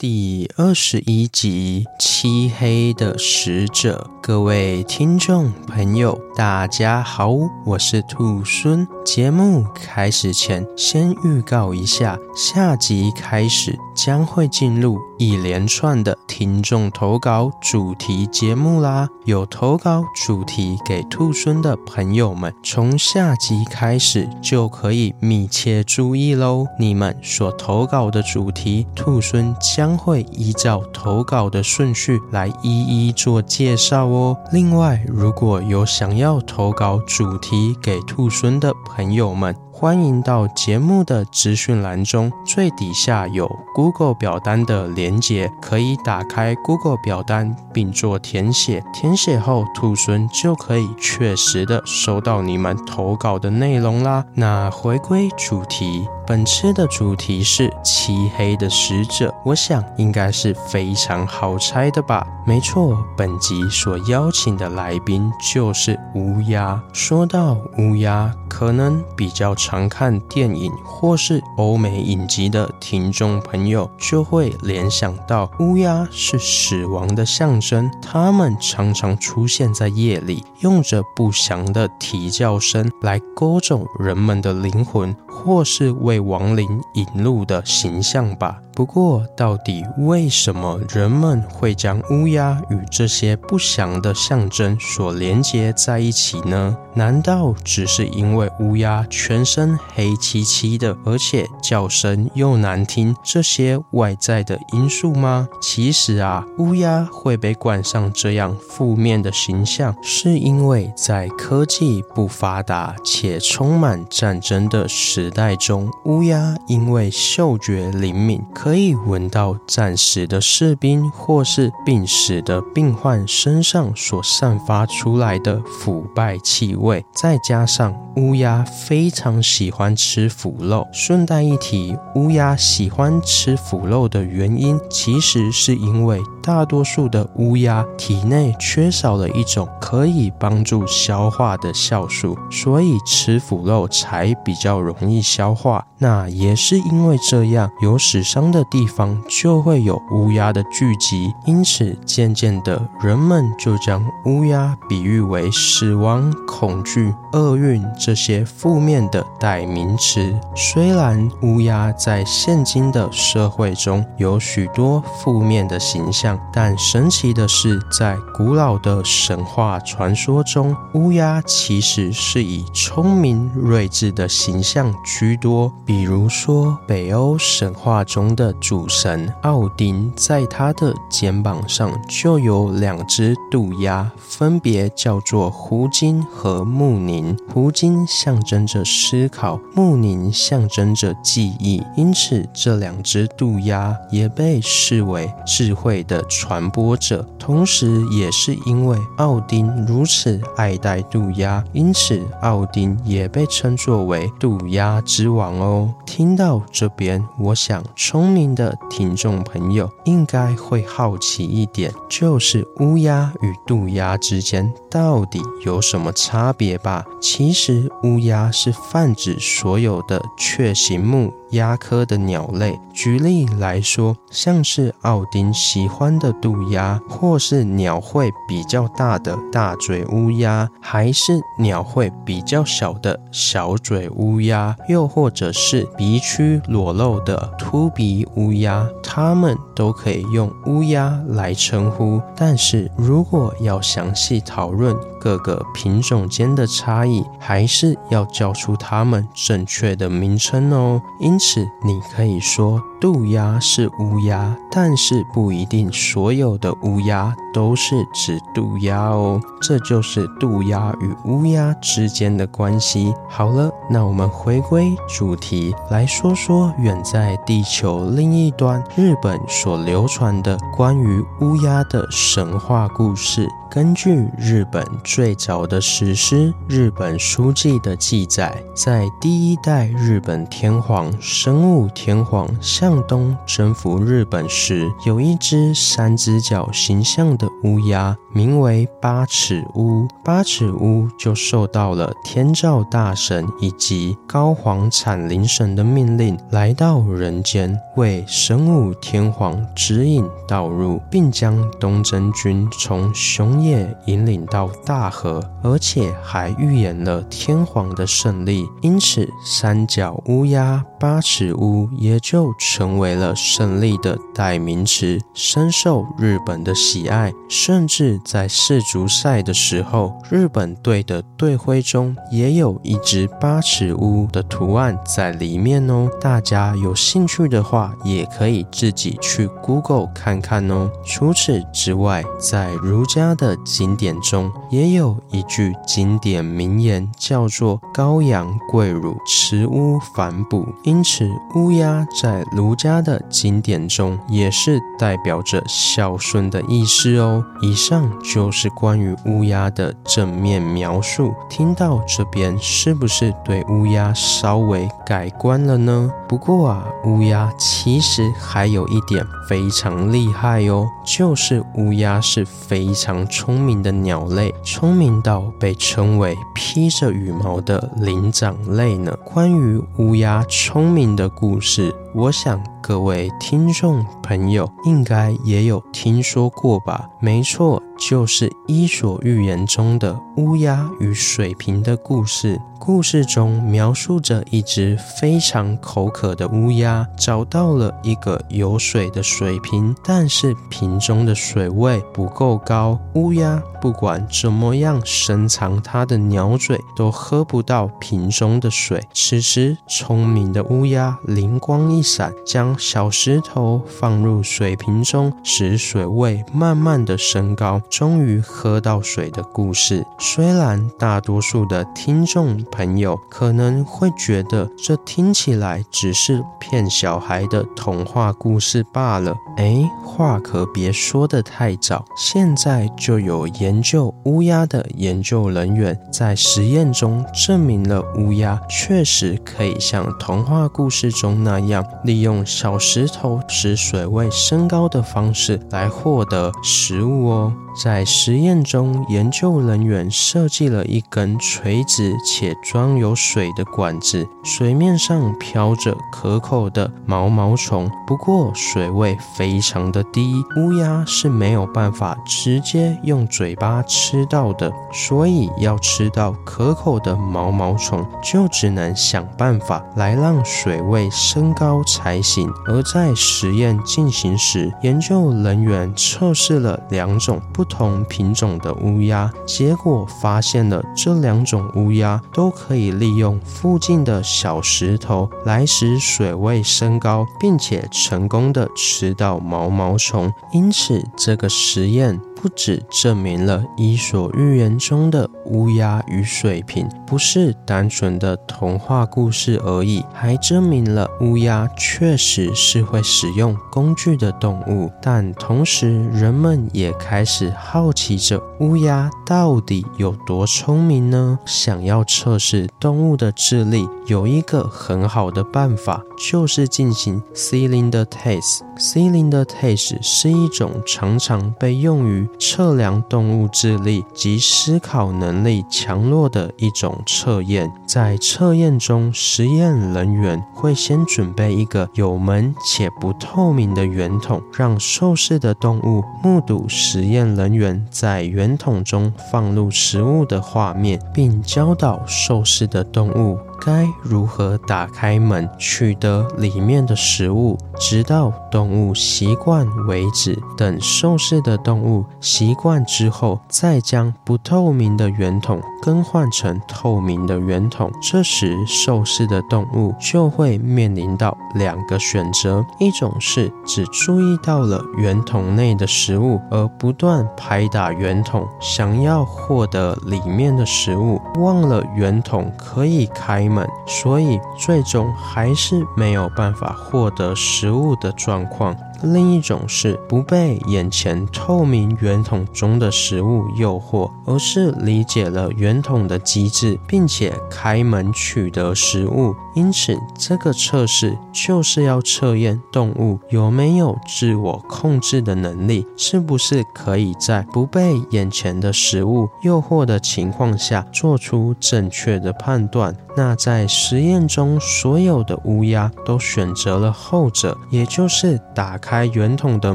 第二十一集《漆黑的使者》，各位聽眾朋友，大家好，我是兔猻。節目開始前，先預告一下，下集開始將會進入一連串的聽眾投稿主題節目啦，有投稿主題給兔猻的朋友們，從下集開始就可以密切注意嘍。你們所投稿的主題，兔猻將會依照投稿的順序來一一做介紹哦。另外，如果有想要投稿主題給兔猻的朋友們，歡迎到節目的資訊欄中，最底下有 Google 表單的連結，可以打開 Google 表單並做填寫。填寫後，兔猻就可以確實的收到你們投稿的內容啦。那回歸主題。本次的主題是漆黑的使者，我想應該是非常好猜的吧？沒錯，本集所邀請的來賓就是烏鴉。說到烏鴉，可能比較常看電影或是歐美影集的聽眾朋友就會聯想到烏鴉是死亡的象徵，它們常常出現在夜裡，用着不祥的啼叫聲來勾走人們的靈魂，或是為亡靈引路的形象吧。不過，到底為什麼人們會將烏鴉與這些不祥的象徵所連接在一起呢？難道只是因為烏鴉全身黑漆漆的，而且叫聲又難聽，這些外在的因素嗎？其實啊，烏鴉會被冠上這樣負面的形象，是因為在科技不發達且充滿戰爭的時代中，烏鴉因為嗅覺靈敏，可以聞到戰死的士兵或是病死的病患身上所散發出來的腐敗氣味，再加上烏鴉非常喜歡吃腐肉。順帶一提，烏鴉喜歡吃腐肉的原因，其實是因為大多數的烏鴉體內缺少了一種可以幫助消化的酵素，所以吃腐肉才比較容易消化。那也是因為這樣，有史上的。的地方就會有烏鴉的聚集，因此漸漸的人們就將烏鴉比喻為死亡、恐懼、厄運這些負面的代名詞。雖然烏鴉在現今的社會中有許多負面的形象，但神奇的是，在古老的神話傳說中，烏鴉其實是以聰明、睿智的形象居多。比如說，北歐神話中的。主神奧丁在他的肩膀上就有兩隻渡鴉，分別叫做胡金和穆寧。胡金象徵着思考，穆寧象徵着記憶，因此這兩隻渡鴉也被視為智慧的傳播者。同時，也是因為奧丁如此愛戴渡鴉，因此奧丁也被稱作為渡鴉之王哦。聽到這邊，我想衝。聰明的聽眾朋友應該會好奇一點，就是烏鴉與渡鴉之間到底有什麼差別吧？其實烏鴉是泛指所有的雀形目鴉科的鳥類。舉例來說，像是奧丁喜歡的渡鴉，或是鳥喙比較大的大嘴烏鴉，還是鳥喙比較小的小嘴烏鴉，又或者是鼻區裸露的禿鼻。烏鴉，它們都可以用烏鴉來稱呼，但是如果要詳細討論各個品種間的差異，還是要叫出它們正確的名稱哦。因此，你可以說渡鴉是烏鴉，但是不一定所有的烏鴉都是指渡鴉哦。這就是渡鴉與烏鴉之間的關係。好了，那我們回歸主題，來說說遠在地球了。另一端，日本所流傳的關於烏鴉的神話故事。根據日本最早的史詩《日本書記》的記載，在第一代日本天皇神武天皇向東征服日本時，有一隻三隻腳形象的烏鴉，名為八尺烏。八尺烏就受到了天照大神以及高皇產靈神的命令，來到人間為神武天皇指引道路，並將東征軍從熊。也引領到大和，而且還預言了天皇的勝利，因此三腳烏鴉八尺烏也就成為了勝利的代名詞，深受日本的喜愛。甚至在世足賽的時候，日本隊的隊徽中也有一隻八尺烏的圖案在裡面哦。大家有興趣的話，也可以自己去 Google 看看哦。除此之外，在儒家的。經典中也有一句經典名言，叫做“羔羊跪乳，慈烏反哺”，因此烏鴉在儒家的經典中也是代表着孝順的意思哦。以上就是關於烏鴉的正面描述，聽到這邊是不是對烏鴉稍微改觀了呢？不過啊，烏鴉其實還有一點非常厲害哦，就是烏鴉是非常。聰明的鳥類，聰明到被稱為“披着羽毛的靈長類”呢。關於烏鴉聰明的故事。我想各位聽眾朋友應該也有聽說過吧？沒錯，就是《伊索寓言》中的烏鴉與水瓶的故事。故事中描述着一隻非常口渴的烏鴉，找到了一個有水的水瓶，但是瓶中的水位不夠高，烏鴉不管怎麼樣伸長它的鳥嘴，都喝不到瓶中的水。此時，聰明的烏鴉靈光一一閃，將小石頭放入水瓶中，使水位慢慢的升高，終於喝到水的故事。雖然大多數的聽眾朋友可能會覺得這聽起來只是騙小孩的童話故事罷了，哎，話可別說得太早。現在就有研究烏鴉的研究人員在實驗中證明了烏鴉確實可以像童話故事中那樣。利用小石頭使水位升高的方式來獲得食物哦。在實驗中，研究人員設計了一根垂直且裝有水的管子，水面上飄着可口的毛毛蟲，不過水位非常的低，烏鴉是沒有辦法直接用嘴巴吃到的，所以要吃到可口的毛毛蟲，就只能想辦法來讓水位升高才行。而在實驗進行時，研究人員測試了兩種不同品種的烏鴉，結果發現了這兩種烏鴉都可以利用附近的小石頭來使水位升高，並且成功的吃到毛毛蟲。因此，這個實驗不只證明了《伊索寓言》中的烏鴉與水瓶不是單純的童話故事而已，還證明了烏鴉確實是會使用工具的動物。但同時，人們也開始。好奇着烏鴉到底有多聰明呢？想要測試動物的智力，有一個很好的辦法，就是進行 Cylinder Test。Cylinder Test 是一種常常被用於測量動物智力及思考能力強弱的一種測驗。在測驗中，實驗人員會先準備一個有門且不透明的圓筒，讓受試的動物目睹實驗。人員在圓筒中放入食物的畫面，並教導受試的動物。該如何打開門取得裡面的食物，直到動物習慣為止。等受試的動物習慣之後，再將不透明的圓筒更換成透明的圓筒。這時，受試的動物就會面臨到兩個選擇：一種是只注意到了圓筒內的食物，而不斷拍打圓筒，想要獲得裡面的食物，忘了圓筒可以開。所以最終還是沒有辦法獲得食物的狀況。另一種是不被眼前透明圓筒中的食物誘惑，而是理解了圓筒的機制，並且開門取得食物。因此，這個測試就是要測驗動物有沒有自我控制的能力，是不是可以在不被眼前的食物誘惑的情況下做出正確的判斷。那在實驗中，所有的烏鴉都選擇了後者，也就是打開圓筒的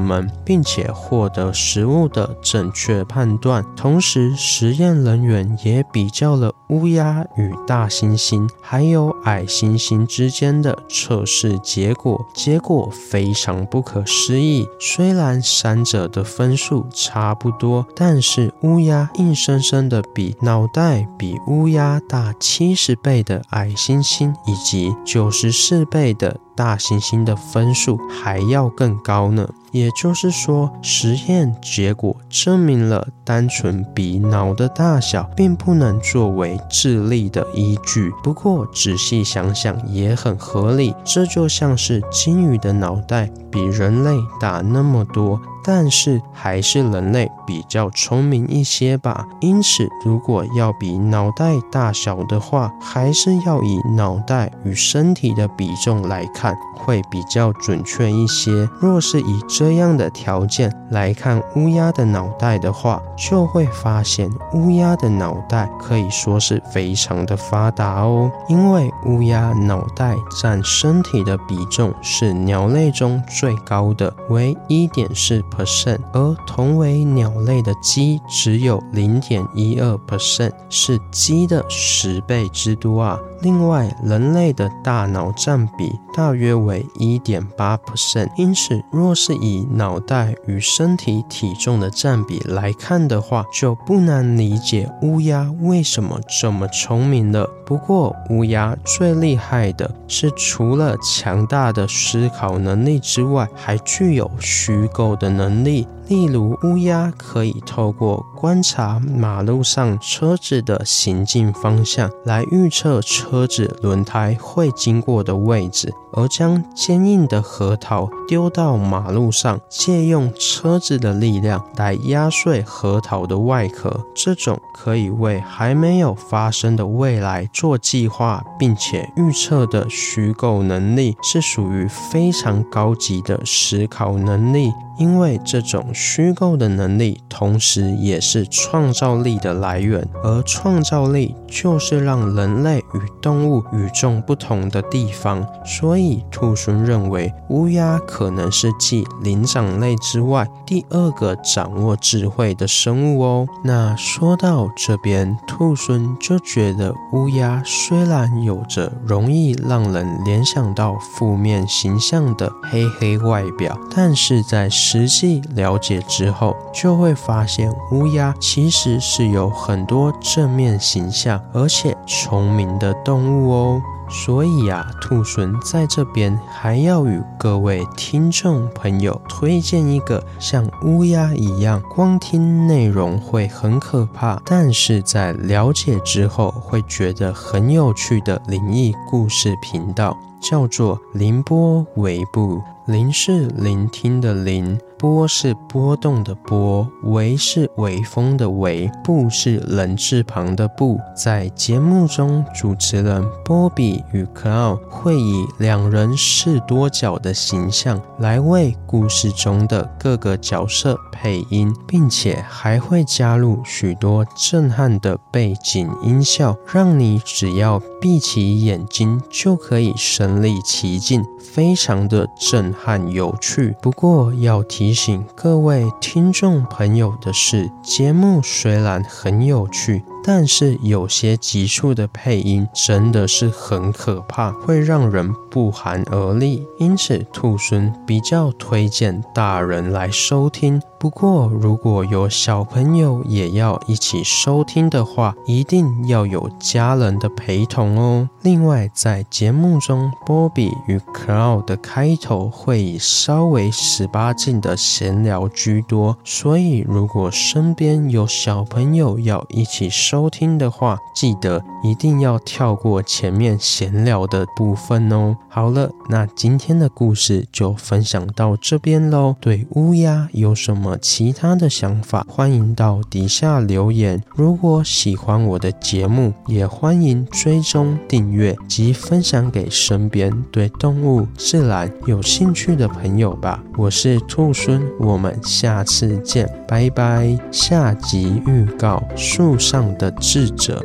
門，並且獲得食物的正確判斷。同時，實驗人員也比較了烏鴉與大猩猩還有矮猩猩之間的測試結果，結果非常不可思議。雖然三者的分數差不多，但是烏鴉硬生生的比腦袋比烏鴉大七十倍的。矮行星以及九十四倍的大行星的分數還要更高呢。也就是說，實驗結果證明了單純比腦的大小並不能作為智力的依據。不過仔細想想也很合理，這就像是鯨魚的腦袋比人類大那麼多，但是還是人類比較聰明一些吧。因此，如果要比腦袋大小的話，還是要以腦袋與身體的比重來看，會比較準確一些。若是以這這樣的條件來看烏鴉的腦袋的話，就會發現烏鴉的腦袋可以說是非常的發達哦。因為烏鴉腦袋占身體的比重是鳥類中最高的，為一點四 percent，而同為鳥類的雞只有零點一二 percent，是雞的十倍之多啊。另外，人類的大腦占比大約為一點八 percent，因此若是以以腦袋與身體體重的占比來看的話，就不難理解烏鴉為什麼這麼聰明了。不過，烏鴉最厲害的是，除了強大的思考能力之外，還具有虛構的能力。例如烏鴉可以透過觀察馬路上車子的行進方向，來預測車子輪胎會經過的位置，而將堅硬的核桃丟到馬路上，借用車子的力量來壓碎核桃的外殼。這種可以為還沒有發生的未來做計劃，並且預測的虛構能力，是屬於非常高級的思考能力。因為這種虛構的能力，同時也是創造力的來源，而創造力就是讓人類與動物與眾不同的地方。所以，兔猻認為烏鴉可能是繼靈長類之外第二個掌握智慧的生物哦。那說到這邊，兔猻就覺得烏鴉雖然有着容易讓人聯想到負面形象的黑黑外表，但是在。實際了解之後，就會發現烏鴉其實是有很多正面形象，而且聰明的動物哦。所以啊，兔猻在這邊還要與各位聽眾朋友推薦一個像烏鴉一樣，光聽內容會很可怕，但是在了解之後會覺得很有趣的靈異故事頻道，叫做“聆波微佈”，“聆”是聆聽的“聆”。波是波動的波，微是微風的微，佈是人字旁的佈。在節目中，主持人波比與克奧會以兩人飾多角的形象來為故事中的各個角色配音，並且還會加入許多震撼的背景音效，讓你只要閉起眼睛就可以身臨其境，非常的震撼有趣。不過要提。提醒各位聽眾朋友的是，節目雖然很有趣，但是有些急促的配音真的是很可怕，會讓人不寒而栗。因此，兔孫比較推薦大人來收聽。不過，如果有小朋友也要一起收聽的話，一定要有家人的陪同哦。另外，在節目中，波比與 Cloud 的開頭會以稍微十八禁的閒聊居多，所以如果身邊有小朋友要一起收，收聽的話，記得一定要跳過前面閒聊的部分哦。好了，那今天的故事就分享到這邊嘍。對烏鴉有什麼其他的想法，歡迎到底下留言。如果喜歡我的節目，也歡迎追蹤訂閱及分享給身邊對動物自然有興趣的朋友吧。我是兔猻，我們下次見，拜拜。下集預告：樹上的的智者。